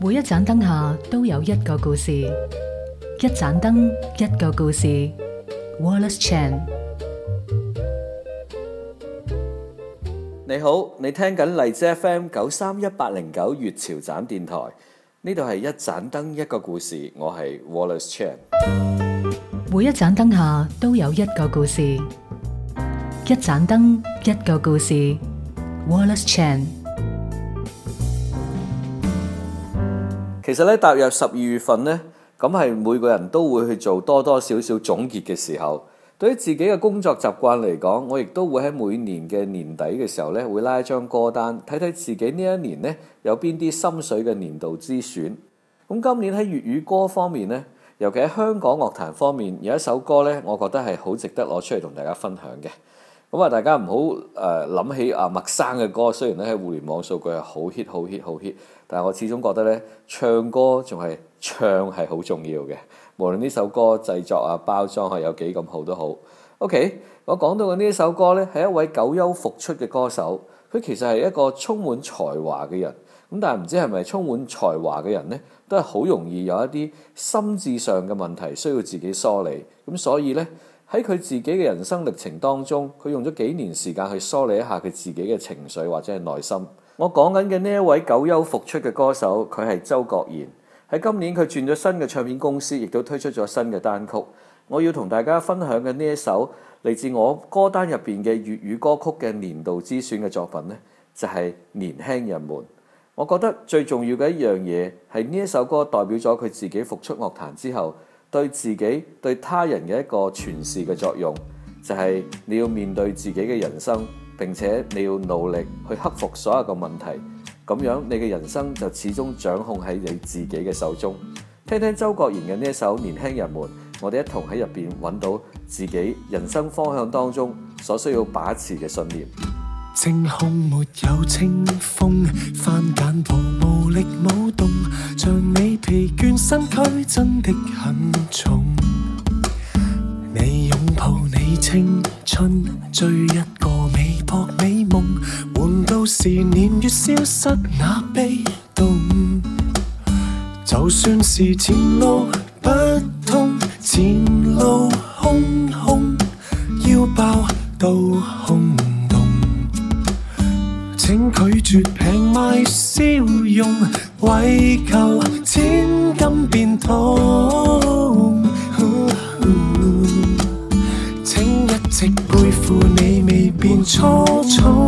每一盞燈下都有一個故事，一盞燈一個故事。Wallace Chan，你好，你聽緊荔枝 FM 九三一八零九粵潮站電台，呢度係一盞燈一個故事，我係 Wallace Chan。每一盞燈下都有一個故事，一盞燈一個故事。Wallace Chan。其實咧，踏入十二月份呢，咁係每個人都會去做多多少少總結嘅時候。對於自己嘅工作習慣嚟講，我亦都會喺每年嘅年底嘅時候呢，會拉一張歌單，睇睇自己呢一年呢，有邊啲心水嘅年度之選。咁今年喺粵語歌方面呢，尤其喺香港樂壇方面，有一首歌呢，我覺得係好值得攞出嚟同大家分享嘅。咁啊，大家唔好誒諗起啊，麥生嘅歌，雖然咧喺互聯網數據係好 hit、好 hit、好 hit，但係我始終覺得咧，唱歌仲係唱係好重要嘅。無論呢首歌製作啊、包裝係有幾咁好都好。OK，我講到嘅呢首歌咧，係一位久休復出嘅歌手，佢其實係一個充滿才華嘅人。咁但係唔知係咪充滿才華嘅人咧，都係好容易有一啲心智上嘅問題，需要自己梳理。咁所以咧。喺佢自己嘅人生歷程當中，佢用咗幾年時間去梳理一下佢自己嘅情緒或者係內心。我講緊嘅呢一位久休復出嘅歌手，佢係周國賢。喺今年佢轉咗新嘅唱片公司，亦都推出咗新嘅單曲。我要同大家分享嘅呢一首嚟自我歌單入邊嘅粵語歌曲嘅年度之選嘅作品呢，就係、是、年輕人們。我覺得最重要嘅一樣嘢係呢一首歌代表咗佢自己復出樂壇之後。對自己對他人嘅一個詮釋嘅作用，就係你要面對自己嘅人生，並且你要努力去克服所有嘅問題，咁樣你嘅人生就始終掌控喺你自己嘅手中。聽聽周國賢嘅呢一首《年輕人們》，我哋一同喺入邊揾到自己人生方向當中所需要把持嘅信念。晴空沒有清風翻簡譜，無力舞動，像你疲倦身軀真的。到時年月消失那悲痛，就算是前路不通，前路空空，腰包都空洞。請拒絕平賣笑容，為求千金變土、嗯。請一直背負你未變初衷。